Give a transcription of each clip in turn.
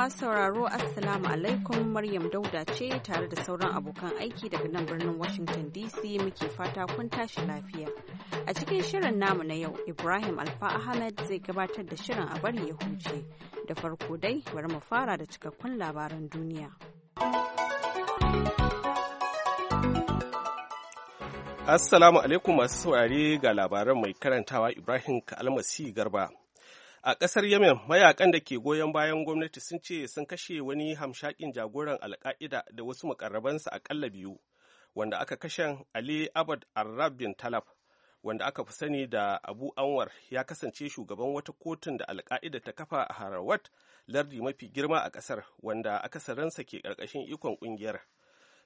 masu sauraro Assalamu alaikum Maryam Dauda ce tare da sauran abokan aiki daga nan birnin Washington DC muke fata kun tashi lafiya. A cikin shirin namu na yau, Ibrahim Alfa Ahmed zai gabatar da shirin a bari ya huce. Da farko dai bari mu fara da cikakkun labaran duniya. Assalamu alaikum masu saurare ga labaran mai karantawa Ibrahim Kalmasi Garba. A ƙasar Yemen, mayakan da ke goyon bayan gwamnati sun ce sun kashe wani hamshakin jagoran alka'ida da wasu makarrabansa aƙalla biyu, wanda aka kashe Ali Abad Arab bin Talab, wanda aka fi sani da Abu Anwar ya kasance shugaban wata kotun da alka'ida ta kafa a Harawat, lardi mafi girma a ƙasar, wanda akasaransa ke ƙarƙashin ikon ƙungiyar.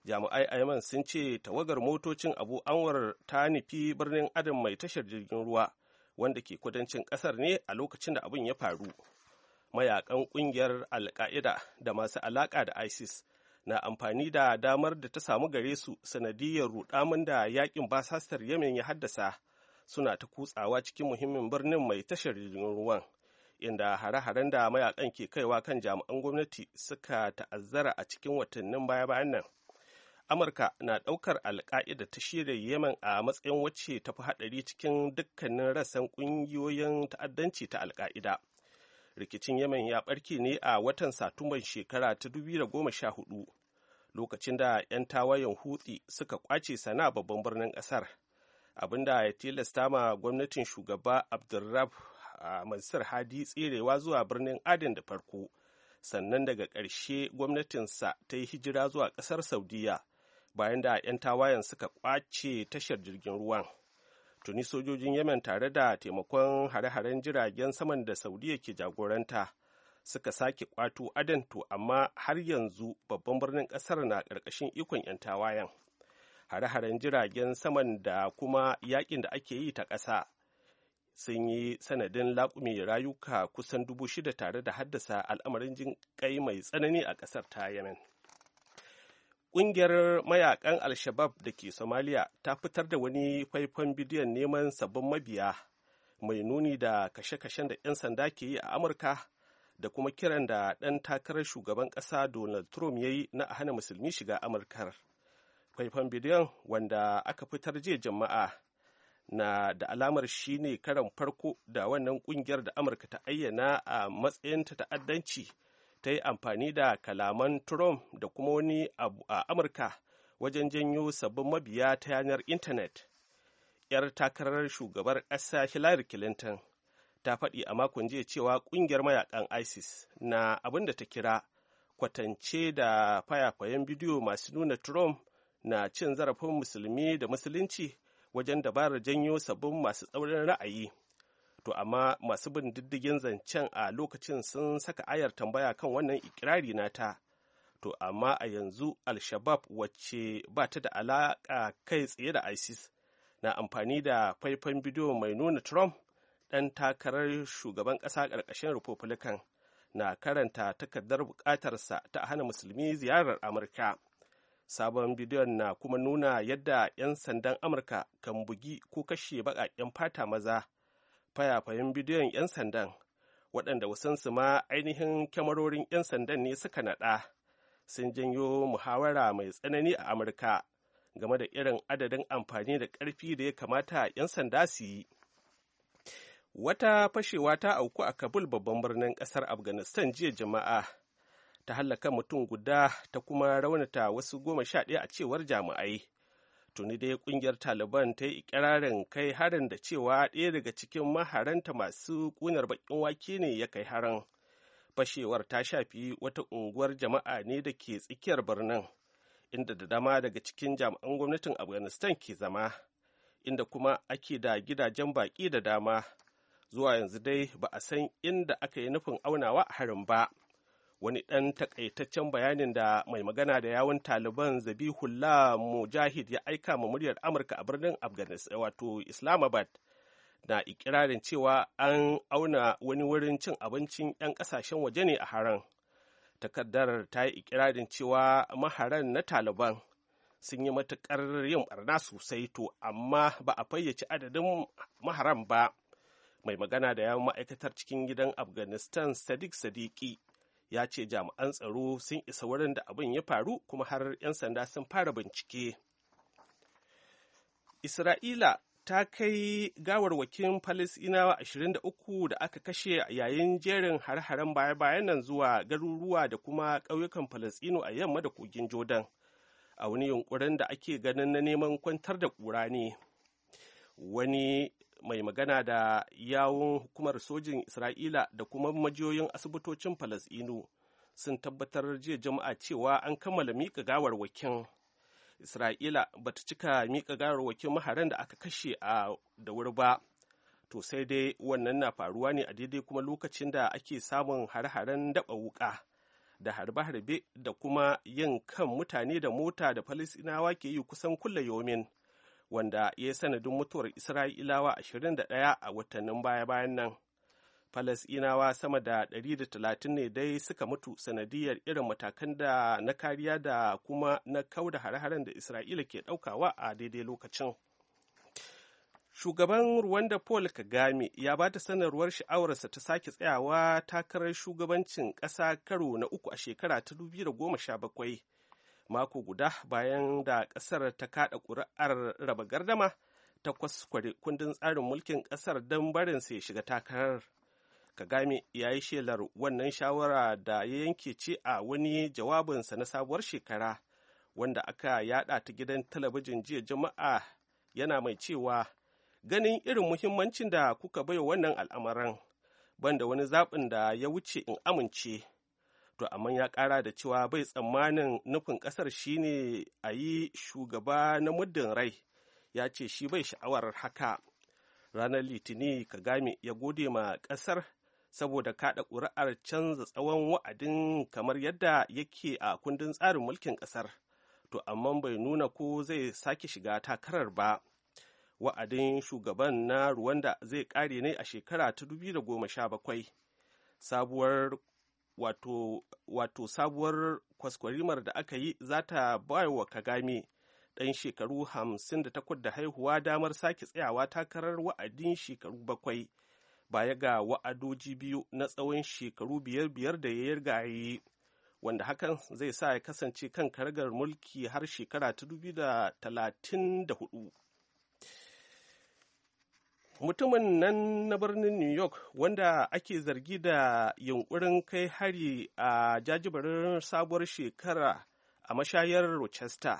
Jami'ai a Ayman sun ce tawagar motocin Abu Anwar ta nufi birnin Adam mai tashar jirgin ruwa. wanda ke kudancin kasar ne a lokacin da abin ya faru mayakan kungiyar alka'ida da masu alaka da isis na amfani da damar da ta samu gare su sanadiyar rudamun da yakin basastar yemen ya haddasa suna ta kutsawa cikin muhimmin birnin mai tashar ruwan inda hare-haren da mayakan ke kaiwa kan jami'an gwamnati suka ta'azzara a cikin watannin baya-bayan nan amurka na ɗaukar alka'ida ta shirya yemen a matsayin wacce ta fi haɗari cikin dukkanin rasan ƙungiyoyin ta'addanci ta alka'ida rikicin yemen ya ɓarke ne a watan satumban shekara ta 2014 lokacin da 'yan tawayen hutsi suka kwace sana babban birnin ƙasar abinda ya tilasta ma gwamnatin shugaba abdulrab mansur hadi tserewa zuwa birnin aden da farko sannan daga ƙarshe gwamnatinsa ta yi hijira zuwa ƙasar saudiya bayan da 'yan tawayen suka ƙwace tashar jirgin ruwan tuni sojojin yemen tare da taimakon hare-haren jiragen saman da saudiya ke jagoranta suka sake ƙwato adanto amma har yanzu babban birnin ƙasar na ƙarƙashin ikon 'yan tawayen hare-haren jiragen saman da kuma yaƙin da ake yi ta ƙasa sun yi sanadin laƙumi rayuka kusan dubu shida tare da haddasa al'amarin jin kai mai tsanani a ƙasar ta yemen Ƙungiyar mayakan Al-Shabab da ke Somalia ta fitar da wani faifan bidiyon neman sabbin mabiya mai nuni da kashe-kashen da 'yan sanda ke yi a Amurka da kuma kiran da ɗan takarar shugaban ƙasa Donald Trump ya yi na hana musulmi shiga Amurkar. Faifan bidiyon wanda aka fitar jiya jama'a na da alamar shi ne karan farko da wannan ƙungiyar da Amurka ta ayyana a matsayinta ta'addanci ta yi amfani da kalaman Trump da kuma wani abu a Amurka wajen janyo sabbin mabiya ta yanar intanet. 'Yar takarar shugabar ƙasa Hillary Clinton ta faɗi a makon jiya cewa ƙungiyar mayakan ISIS na abin da ta kira kwatance da fayafayen bidiyo masu nuna Trump na cin zarafin musulmi da musulunci wajen dabarar janyo sabbin masu tsaurin ra'ayi. to amma masu bin diddigin zancen a lokacin sun saka ayar tambaya kan wannan ikirari nata to amma a yanzu al-shabab wacce ba ta da alaƙa kai tsaye da isis na amfani da faifan bidiyo mai nuna trump ɗan takarar shugaban ƙasa ƙarƙashin republican na karanta takardar buƙatarsa ta hana musulmi ziyarar amurka sabon bidiyon na kuma nuna yadda 'yan sandan amurka kan bugi ko kashe baƙaƙen fata maza fayafayen bidiyon 'yan sandan waɗanda wasansu ma ainihin kyamarorin 'yan sandan ne suka naɗa sun janyo muhawara mai tsanani a amurka game da irin adadin amfani da ƙarfi da ya kamata 'yan sanda su yi wata fashewa ta auku a kabul babban birnin ƙasar afghanistan jiya jama'a ta hallaka mutum guda ta kuma raunata wasu goma sha ɗaya a cewar jami'ai tuni dai kungiyar taliban ta yi ikirarin kai harin da cewa ɗaya daga cikin maharanta masu ƙunar baƙin wake ne ya kai harin fashewar ta shafi wata unguwar jama'a ne da ke tsakiyar birnin inda da dama daga cikin jami'an gwamnatin afghanistan ke zama inda kuma ake da gidajen baƙi da dama zuwa yanzu dai ba a san inda aka yi nufin aunawa a harin ba wani ɗan takaitaccen bayanin da mai magana da yawun taliban zabihullah mujahid ya aika ma muryar amurka a birnin afghanistan eh, wato islamabad na ikirarin cewa an auna wani wurin cin abincin 'yan kasashen waje ne a haran takardar ta yi ikirarin cewa maharan na taliban sun yi matuƙar yin barna sosai to amma ba a fayyace adadin maharan ba mai magana da yawon ma'aikatar cikin gidan afghanistan sadiq sadiki ya ce jami'an tsaro sun isa wurin da abin ya faru kuma har 'yan sanda sun fara bincike isra'ila ta kai gawarwakin falisinawa 23 da aka kashe yayin jerin har-haren baya-bayan nan zuwa garuruwa da kuma ƙauyukan Falasɗinu a yamma da kogin Jordan a wani yunkurin da ake ganin na neman kwantar da ƙura ne. Wani mai magana da yawun hukumar sojin isra'ila da kuma majiyoyin asibitocin falasɗinu sun tabbatar jiya jama'a cewa an kammala miƙa gawarwakin isra'ila ba ta cika miƙa gawarwakin maharan da aka kashe a da wuri ba to sai dai wannan na faruwa ne a daidai kuma lokacin da ake samun har-haren daɓa wuƙa da harbe-harbe da kuma yin kan mutane da mota da falisinawa ke yi kusan kulle yomin wanda ya yi sanadin mutuwar isra'ilawa 21 a watannin baya-bayan nan falasinawa sama da 130 ne dai suka mutu sanadiyar irin matakan da na kariya da kuma na kauda hare-haren da isra'ila ke ɗaukawa a daidai lokacin shugaban rwanda paul kagame ya ba ta sanarwar sha'awarsa ta sake tsayawa takarar shugabancin ƙasa karo na uku a shekara ta 2017 mako guda bayan da ƙasar ta kaɗa ƙuri'ar raba gardama ta kwaskware kundin tsarin mulkin ƙasar don barin sai shiga takarar kagame ya yi shelar wannan shawara da ya yanke ce a wani jawabinsa na sabuwar shekara wanda aka yada ta gidan talabijin jiya jama'a yana mai cewa ganin irin muhimmancin da kuka bai wannan al'amarin banda wani zaɓin da ya wuce in amince to amma ya kara da cewa bai tsammanin nufin kasar shine a yi shugaba na muddin rai ya ce shi bai sha'awar haka ranar litini kagame ya gode ma kasar saboda kada ƙuri'ar canza tsawon wa'adin kamar yadda yake a kundin tsarin mulkin kasar to amma bai nuna ko zai sake shiga takarar ba wa'adin shugaban na ruwanda zai kare ne a shekara ta 2017 sabuwar wato, wato sabuwar kwaskwarimar da aka yi za ta wa kagame ɗan shekaru hamsin da takwas da haihuwa damar sake tsayawa takarar wa'adin shekaru bakwai baya ga wa'adoji biyu na tsawon shekaru biyar biyar da ya yi wanda hakan zai sa ya kasance kan karagar mulki har shekara ta hudu. mutumin nan na birnin new york wanda ake zargi da yunkurin kai hari a jajibarin sabuwar shekara a mashayar rochester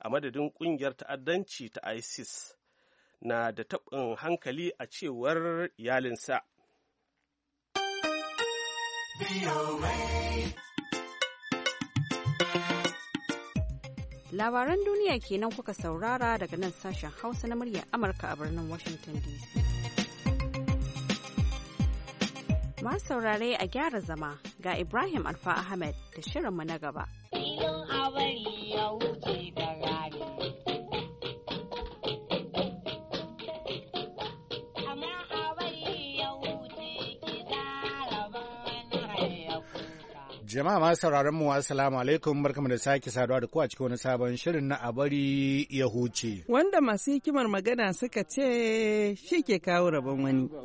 a madadin kungiyar ta'addanci ta isis na da taɓin hankali a cewar iyalinsa Labaran duniya kenan kuka saurara daga nan sashen Hausa na muryar Amurka a birnin Washington DC. Masu saurare a gyara zama ga Ibrahim Alfa Ahmed da shirinmu na gaba. a bari ya wuce. Jama'a masu sauraron mu assalamu alaikum barkamu da sake saduwa da ku a cikin wani sabon shirin na abari ya huce. Wanda masu hikimar magana suka ce shi ke kawo rabon wani. Eh,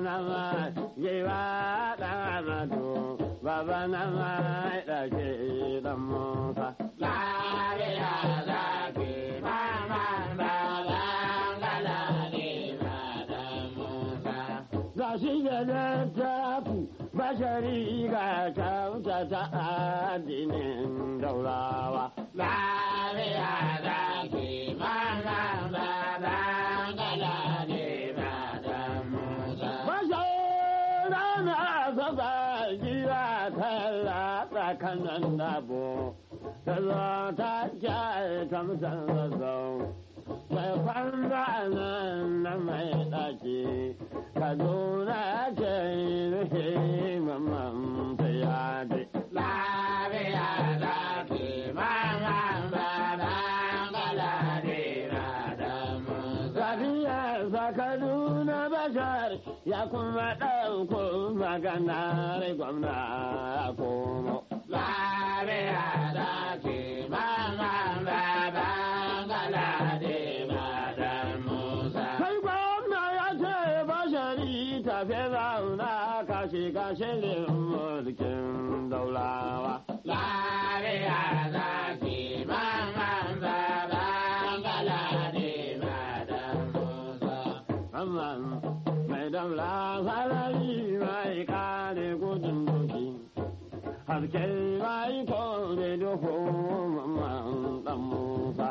na mai jewa dan amadu baba na mai dake dan musa lariya zaki mama baba gala ne mata musa gashi da littafi bashari ga kyautata addinin daurawa lariya zaki giwa ta latsa kanan nabo, ta zo ta kyaye ta mutan zazzau. Mai kwanza nan na mai ɗaki, Kaduna ce rufe mamman ta yadi. Lariya ɗaki mamman ba na galari na damu. Zafiya sa Kaduna Bashar ya kuma ɗau. kan maga na rai gwamna komo. Lare a dace. mai daula sarari mai kare gudun doki harke mai da duhu mamman dan musa.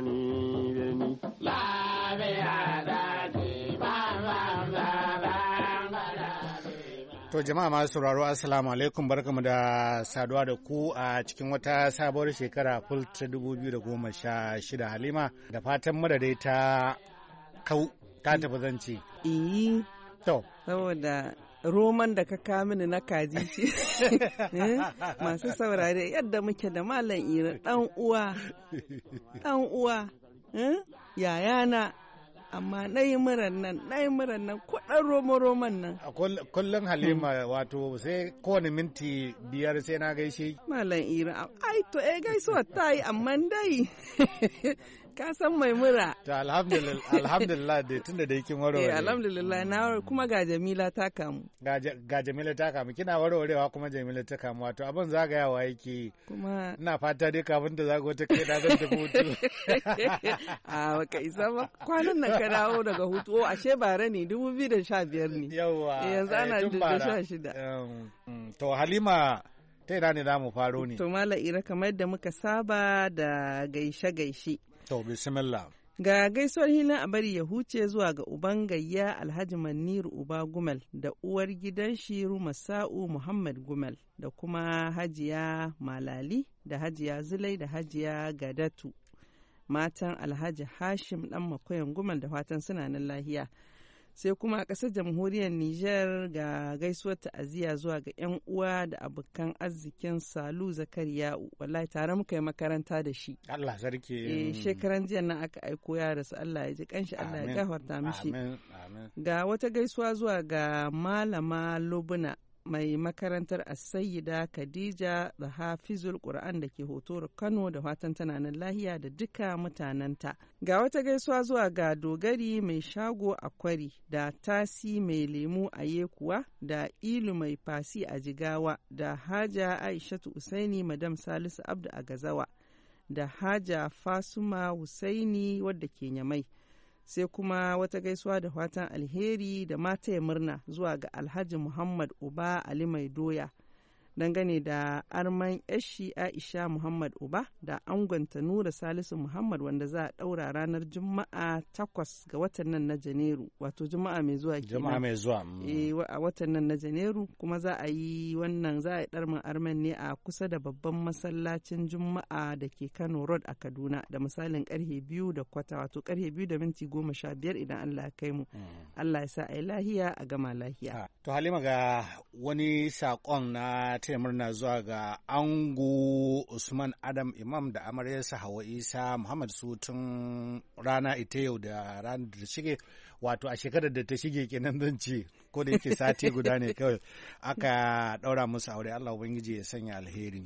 ni To jama'a masu sauraro assalamu alaikum barkamu da saduwa da ku a cikin wata sabuwar shekara ful ta shida Halima da fatan dai ta kau ta tafi zance. Iyi. To. Saboda roman da ka kamini na kaji shi eh, masu saurare yadda muke da malam ira dan uwa dan uwa eh, yayana amma na yi muran nan na yi muran nan kudan romo roman nan a kullum halima wato sai kowane minti biyar sai na gaishe malam ira ai to eh gaisuwa ta yi amma dai ka san mai mura to alhamdulillah dai tunda da yakin warware eh alhamdulillah na mm. kuma ga Jamila ta kamu ga Jamila ta kamu kina warwarewa kuma Jamila ta kamu wato abin zagayawa yake kuma ina fata dai kafin da zago ta kai na zan tafi hutu a ah, baka isa ba kwanan nan ka dawo daga hutu o oh, ashe bare ne dubu biyu da sha biyar ne Yawwa. Eh, yanzu eh, ana sha shida. Um, mm, to Halima ta ina ne za mu faro ne. To Mala Ira kamar da muka saba da gaishe-gaishe. To bismillah. Ga gaisuwar hilin a bari ya huce zuwa ga uban gayya Alhaji Maniru Uba Gumal da uwar gidan shi Rumasa'u Muhammad Gumal da kuma Hajiya Malali da Hajiya Zulai da Hajiya Gadatu. Matan Alhaji Hashim ɗan makoyan Gumal da fatan suna nan lahiya. sai kuma a ƙasar jamhuriyar Nijar ga gaisuwar ta'aziyya zuwa ga 'yan uwa da abokan arzikin Salu Zakariya wallahi tare muka yi makaranta da shi. Allah sarki. Eh shekaran jiya nan aka aiko ya rasu Allah ya ji kanshi Allah ya gafarta mishi. Ga wata gaisuwa zuwa ga malama Lubuna mai makarantar asayida khadija da hafizul qur'an da ke hoto kano da fatan tana nan lahiya da duka mutanenta ga wata gaisuwa zuwa ga dogari mai shago a kwari da tasi mai lemu a yekuwa da ilu mai fasi a jigawa da haja aishatu usaini madam salisu abdu a gazawa da haja fasuma husaini wadda ke nyamai sai kuma wata gaisuwa da fatan alheri da mata ya murna zuwa ga alhaji muhammad uba ali mai doya dangane da arman yashi aisha muhammad uba da angonta nura salisu muhammad wanda za a daura ranar juma'a takwas ga watan nan na janairu wato juma'a mai zuwa juma'a mai zuwa mm. eh, a watan nan na janairu kuma za a yi wannan za a yi darman arman ne a kusa da babban masallacin juma'a da ke kano road a kaduna da misalin karfe biyu da kwata wato karfe biyu da minti goma sha biyar idan allah ya kai mu mm. allah ya sa a yi lahiya a gama lahiya to halima ga wani saƙon na taya murna zuwa ga ango Usman Adam Imam da amaryarsa Hawa Isa Muhammad Sutun rana ita yau da ranar da shige wato a shekarar da ta shige kenan zan ce ko da yake sati guda ne kawai aka daura musu aure Allah ubangiji ya sanya alheri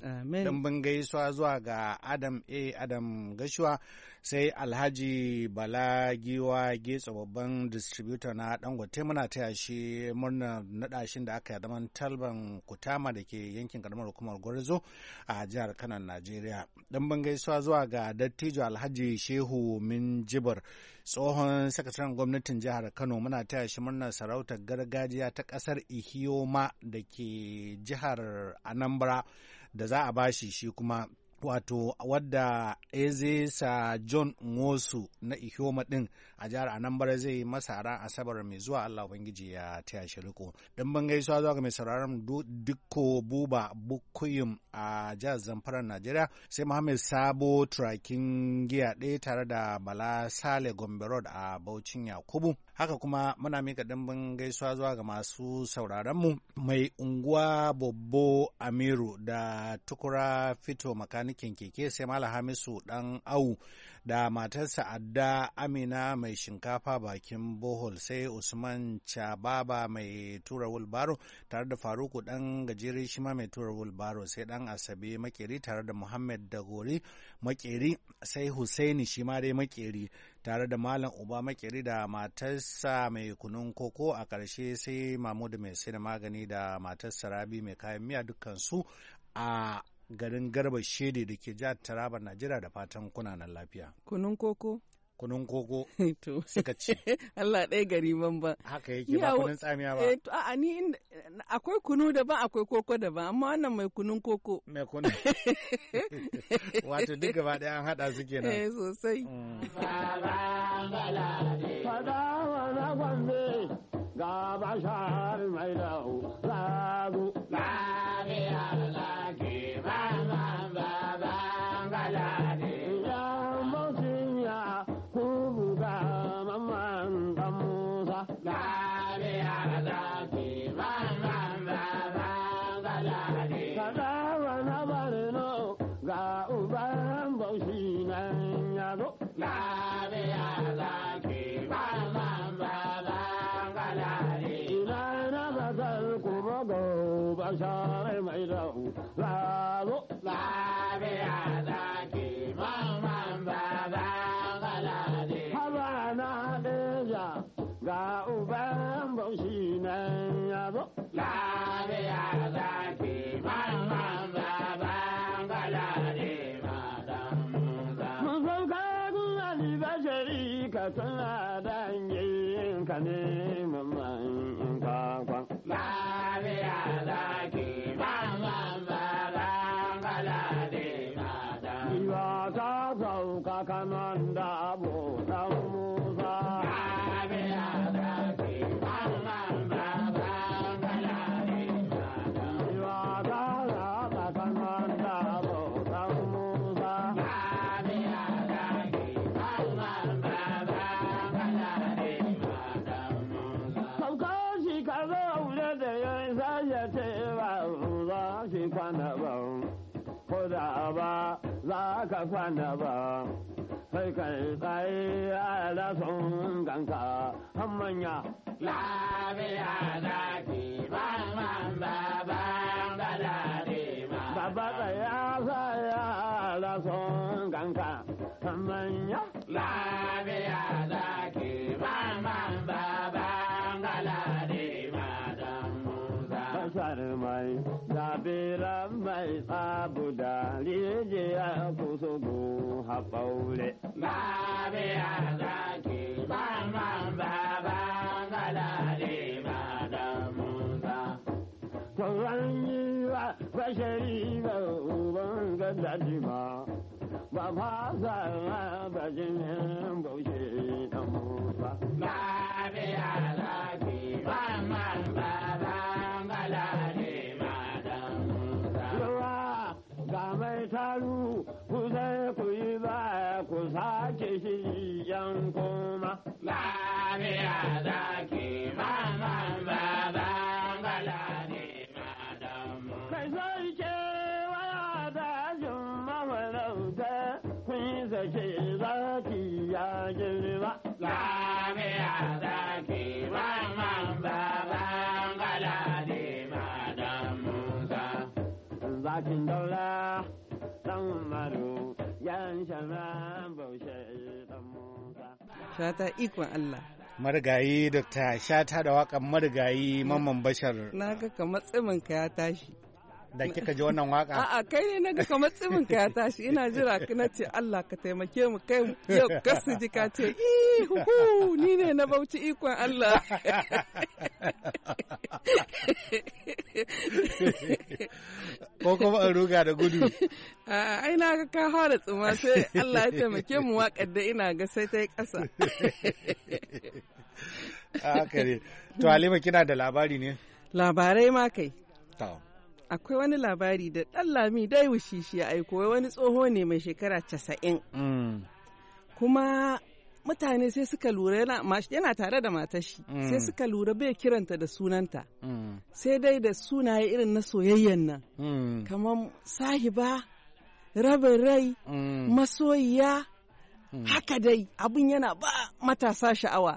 dan ban gaisuwa zuwa ga Adam A Adam Gashuwa sai Alhaji Bala Giwa Getsa babban distributor na Dangote muna taya shi murna shin da aka yi zaman talban Kutama da ke yankin karamar hukumar Gwarzo a jihar Kano Najeriya dan ban gaisuwa zuwa ga Dattijo Alhaji Shehu Min Jibar tsohon sakataren gwamnatin jihar kano muna taya shi murnar sarautar gargajiya ta kasar ihioma da ke jihar anambra da za a bashi shi kuma wato wadda ezesa john nwosu na ihioma din a jihar anambra zai masa ran asabar mai zuwa allah ubangiji ya taya shi riko din ban gaisuwa zuwa ga mai sauraron dukko buba bukuyum a jihar zamfara najeriya sai muhammad sabo turakin giya ɗaya tare da bala sale gombe road a baucin yakubu haka kuma muna mika dimbin gaisuwa zuwa ga masu sauraronmu mai unguwa bobbo amiru da tukura fito makanikin keke sai mala hamisu dan au da matarsa adda amina mai shinkafa bakin bohol sai usman cababa mai tura wulbaro tare da faruku dan gajere shima mai tura wulbaro sai dan asabe makeri tare da muhammad gori makeri sai husaini shima dai makeri tare da Malam Uba Makeri da matarsa mai kunun koko a ƙarshe sai Mahmudu mai sai da magani da matarsa Rabi mai kayan miya dukkansu a garin Garba Shede da ke jihar Taraba Najeriya da fatan kuna nan lafiya. Kunun koko? kunun koko suka ci. Allah ɗaya gari ban ba. Haka yake ba kunun tsamiya ba. Eh, a ni akwai kunu daban akwai koko daban amma wannan mai kunun koko. Mai kunun. Wato duk gaba ɗaya an haɗa su kenan. Eh sosai. Fada wa zagon ga bashar mai lahu zagu. Ba ne Allah ke ba ba ba ga uban baushi na ya zo. kwana ba sai kan tsaye a lasun ganka har manya lafiya zaki ba man ba ba ma baba tsaya tsaya a lasun ganka har manya lafiya zaki ba man ba ma mai zabira mai tsabu da haɓaure. Ba me zaki ba man ba ba galale ma da musa. Tauran yi wa bashari ba uban gadadi ba. Ba fa sa ma ba jinin bauchi da musa. Ba me zaki ba man ba ba galale ma da musa. Yawa ga mai taru ku zai ku sake shi yan koma. Lafiya zaki. fata ikon Allah. Marigayi da ta shata da waƙa marigayi mamman bashar. Na ga kamar tsimin ka ya tashi. da kika ji wannan waka? A'a kai ne naga kamar tsimin ka ya tashi ina jira ka na ce Allah ka taimake mu kai yau kasu ji ka ce ihu ni ne na bauchi ikon Allah. ko kuma in ruga da gudu a ai na ga ka fara tsuma sai Allah ya taimake mu waƙar da ina ga sai ta yi ƙasa haka ne to Halima kina da labari ne labarai ma kai akwai wani labari da ɗan lami dai wushishi ya aiko wani tsoho ne mai shekara casa'in mm. kuma mutane sai suka lura yana tare da matar shi mm. sai suka lura bai kiranta da sunanta mm. sai dai da sunaye irin na soyayyan nan mm. kamar sahiba rabin rai masoyiya haka dai abin yana ba matasa sha'awa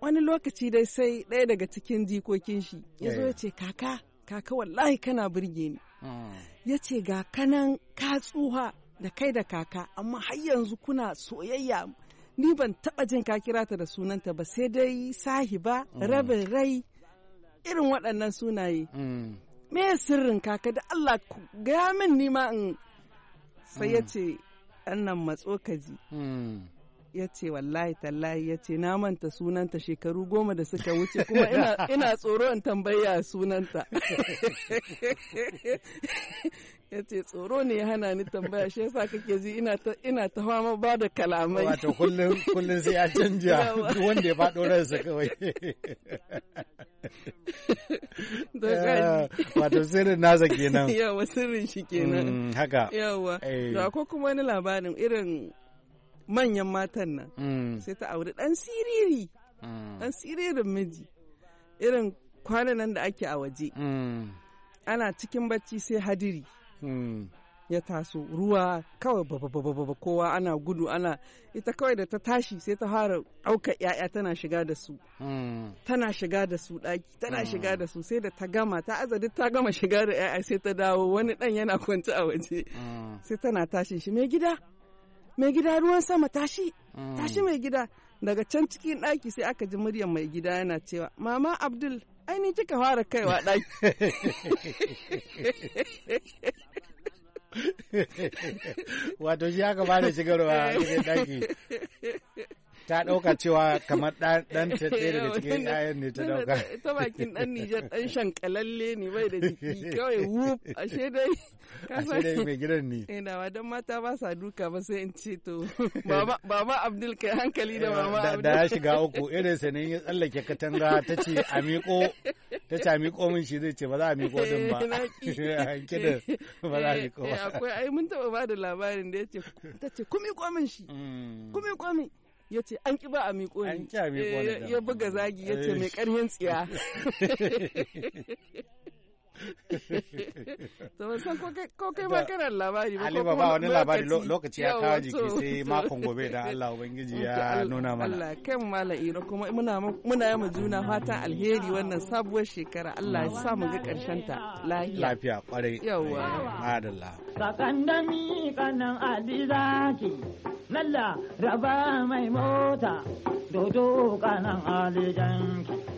wani lokaci dai sai ɗaya daga cikin jikokin shi ya zo ya eh. ce kaka kaka wallahi kana birge ni ya ce ga kanan ka tsuha da kai da kaka amma har yanzu kuna soyayya ni ban taba jin ka kira ta da sunanta ba sai dai sahiba mm. rabin rai irin waɗannan sunaye mm. me sirrin kaka da Allah gaya min ni ma in sai ya mm. ce annan matso ya ce wallahi tallahi ya ce na manta sunanta shekaru goma da suka wuce kuma ina tsoro in tambaya sunanta ya ce tsoro ne ya hana ni tambaya shi yasa kake ji ina ta ina ta fama ba da kalamai wato kullum kullum sai ya canja duk wanda ya faɗo ransa kawai wato sirrin nasa kenan yawa sirrin shi kenan mm, haka yawa eh. to akwai kuma wani labarin irin manyan matan nan mm. sai ta auri dan siriri dan mm. siririn miji irin kwanan nan da ake a waje ana cikin bacci sai hadiri Mm. ya taso ruwa kawai bababababa kowa ana gudu ana ita kawai da ta tashi sai ta fara ɗaukar ‘ya'ya tana shiga da su mm. tana shiga da su ɗaki tana mm. shiga da su sai da ta gama ta azadi ta gama shiga da ‘ya'ya sai ta dawo wani ɗan yana kwanci a waje sai tana tashi shi mai gida mai gida ruwan sama tashi tashi mai gida daga can cikin ɗaki sai aka ji muryar mai gida yana cewa mama abdul ainihin ni kika fara kaiwa ɗaki wato shi aka bada shigarwa a ɗaki ta dauka cewa kamar dan ta ta da cikin ƴaƴan ne ta dauka ta bakin dan Nijar dan shankalalle ne bai da jiki kawai wuf a dai ashe dai mai gidan ne eh dawa wadan mata ba sa duka ba sai in ce to baba Abdul kai hankali da mama Abdul da ya shiga uku irin ne ya tsallake katanga ta ce a miƙo ta ce a miƙo min shi zai ce ba za a miƙo din ba eh, kidan eh, ba za a miƙo eh, ba akwai ai mun taba ba da labarin da ya ce ta ce kumi komin shi mm. kumi komin ya ce an ki ba a miƙo ne eh, ya buga zagi ya ce mai ƙarfin tsiya to ban san ko kai ba kana labari ba ko ba wani labari lokaci ya kawo jiki sai makon gobe da Allah ubangiji ya nuna mana Allah kan mala kuma muna muna yi juna fatan alheri wannan sabuwar shekara Allah ya sa eh, mu ga karshen ta lafiya lafiya kwarai yawa madalla sakandami kanan alizaki nalla raba mai mota dodo kanan alijanki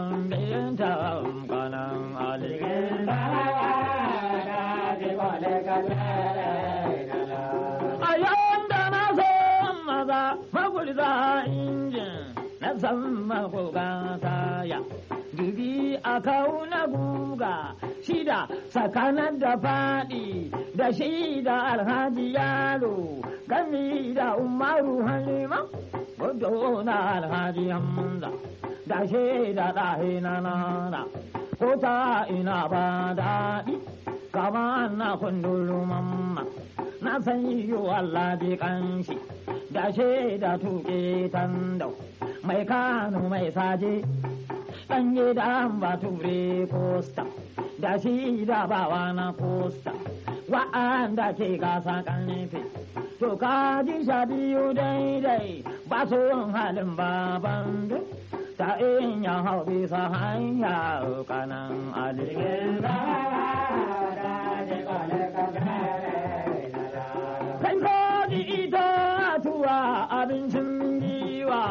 sakanar da faɗi da shi da alhaji yaro gami da umaru halima gudu na alhaji hamza da shi da ɗahi na nana ko ta ina ba daɗi kama na kundulu mamma na san yiwu Allah bi kanshi da shi da tuƙe mai kano mai saje ɗanye da ba ture posta. da shi da bawa na posta wa'anda ke gasa karfe to ka ji sha biyu daidai ba su yin halin baban duk ta in ya hau bisa hanya kanan alikin kan ko ita tuwa abincin giwa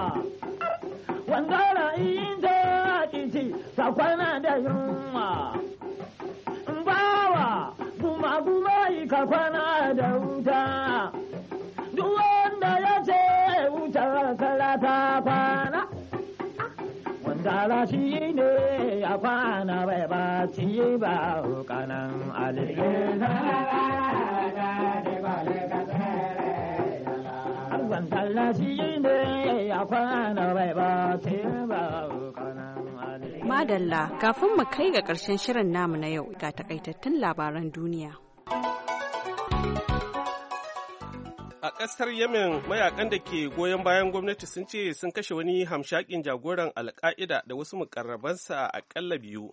wanda na iya ta kici ta kwana da yunwa abu mai ka kwana da wuta duk wanda ya ce wuta salata kwana wanda shi ne ya kwana bai ba ci ba kanan alifi wanda shi ba Madalla kafin mu kai ga ƙarshen shirin namu na yau ga takaitattun labaran duniya. ƙasar Yemen mayakan da ke goyon bayan gwamnati sun ce sun kashe wani hamshakin jagoran alka'ida da wasu mukarrabansa akalla biyu.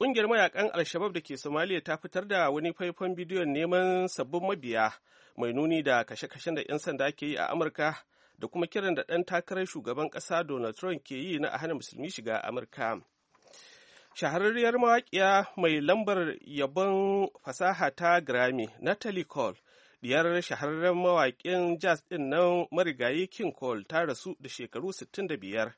Ƙungiyar mayakan Alshabab da ke Somalia ta fitar da wani faifan bidiyon neman sabbin mabiya mai nuni da kashe-kashen da 'yan sanda ke yi a Amurka da kuma kiran da ɗan takarar shugaban ƙasa Donald Trump ke yi na a hana musulmi shiga Amurka. shahararriyar mawaƙiya mai lambar yabon fasaha ta grammy natalie cole diyar shahararren mawaƙin jazz ɗin nan marigayi king cole ta rasu da shekaru 65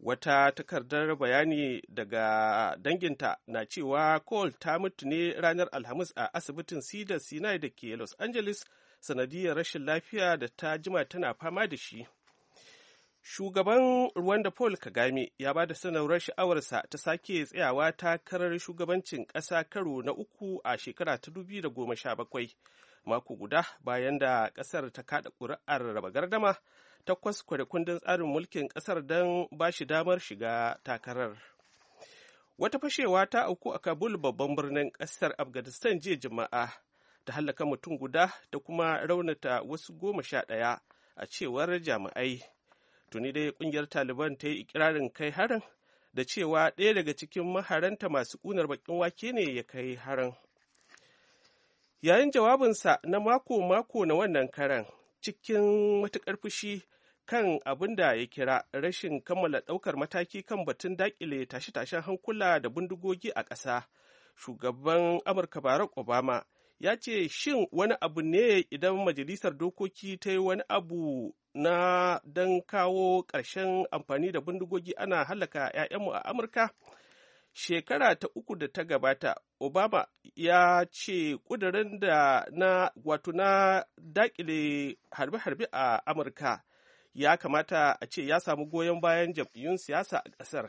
wata takardar bayani daga danginta na cewa cole ta mutu ne ranar alhamis a asibitin cedar sinai da ke los angeles sanadiyar rashin lafiya da ta jima tana fama da shi shugaban ruwan da paul kagame ya ba da sanarwar sha'awarsa ta sake tsayawa takarar shugabancin ƙasa karo na uku a shekara ta 2017 mako guda bayan da ƙasar ta kaɗa ƙuri'ar raba gardama ta kwaskware kundin tsarin mulkin ƙasar don ba shi damar shiga takarar. Wata fashewa ta auku a Kabul babban birnin ƙasar Afghanistan jiya Juma'a ta hallaka mutum guda da kuma raunata wasu goma sha ɗaya a cewar jami'ai. Tuni dai ƙungiyar Taliban ta yi ikirarin kai harin da cewa ɗaya daga cikin maharanta masu ƙunar baƙin wake ne ya kai harin. yayin jawabinsa na mako-mako na wannan karan cikin matuƙar fushi kan abin da ya kira rashin kammala ɗaukar mataki kan batun daƙile tashe-tashen hankula da bindigogi a ƙasa shugaban amurka barack obama ya ce shin wani abu ne idan majalisar dokoki ta yi wani abu na don kawo ƙarshen amfani da bindigogi ana halaka 'ya'yanmu a amurka shekara ta uku da ta gabata obama ya ce kudurin da na wato na dakile harbe-harbe a amurka ya kamata a ce ya samu goyon bayan jam'iyyun siyasa a ƙasar